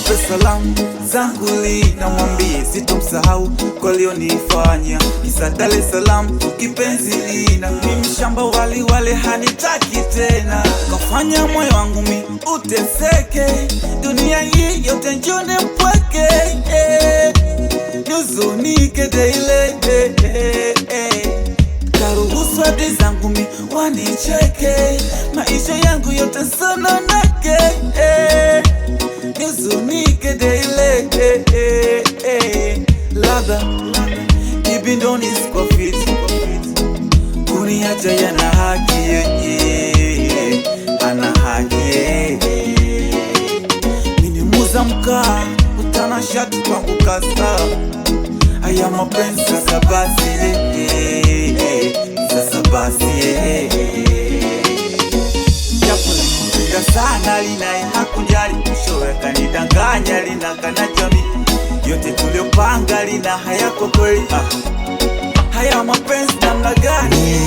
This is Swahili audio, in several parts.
nimpe salamu zangu li namwambie sitomsahau kwa alionifanya isa salamu es Salaam kipenzi lina mimi shamba wali wale hanitaki tena kafanya moyo wangu mi uteseke dunia hii yote njone mpweke eh, nuzunike daile eh, zangu mi wanicheke maisha yangu yote sononake nake eh, nizunike deileke eh, eh, eh. ladha kibindoni sikwa kuniacha yana haki eh, eh. ana haki minimuza mkaa utanashati kwangu kasa aya mapenzi sasa basi sasa basi sana linaye hakujali kushoweka nidanganya linakana jamii yote tuliopanga lina haya kweli ah, Haya mapenzi namna gani?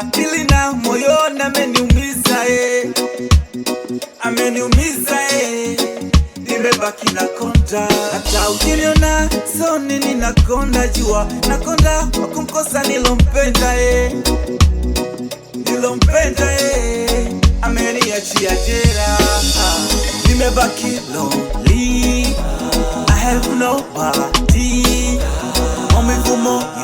akili na ameniumiza eh, ameniumiza eh, nimebaki na konda. Hata ukiniona soni ninakonda, jua nakonda kwa kumkosa nilompenda eh, nilompenda eh, ameniachia jera, nimebaki lonely, I have nobody, maumivu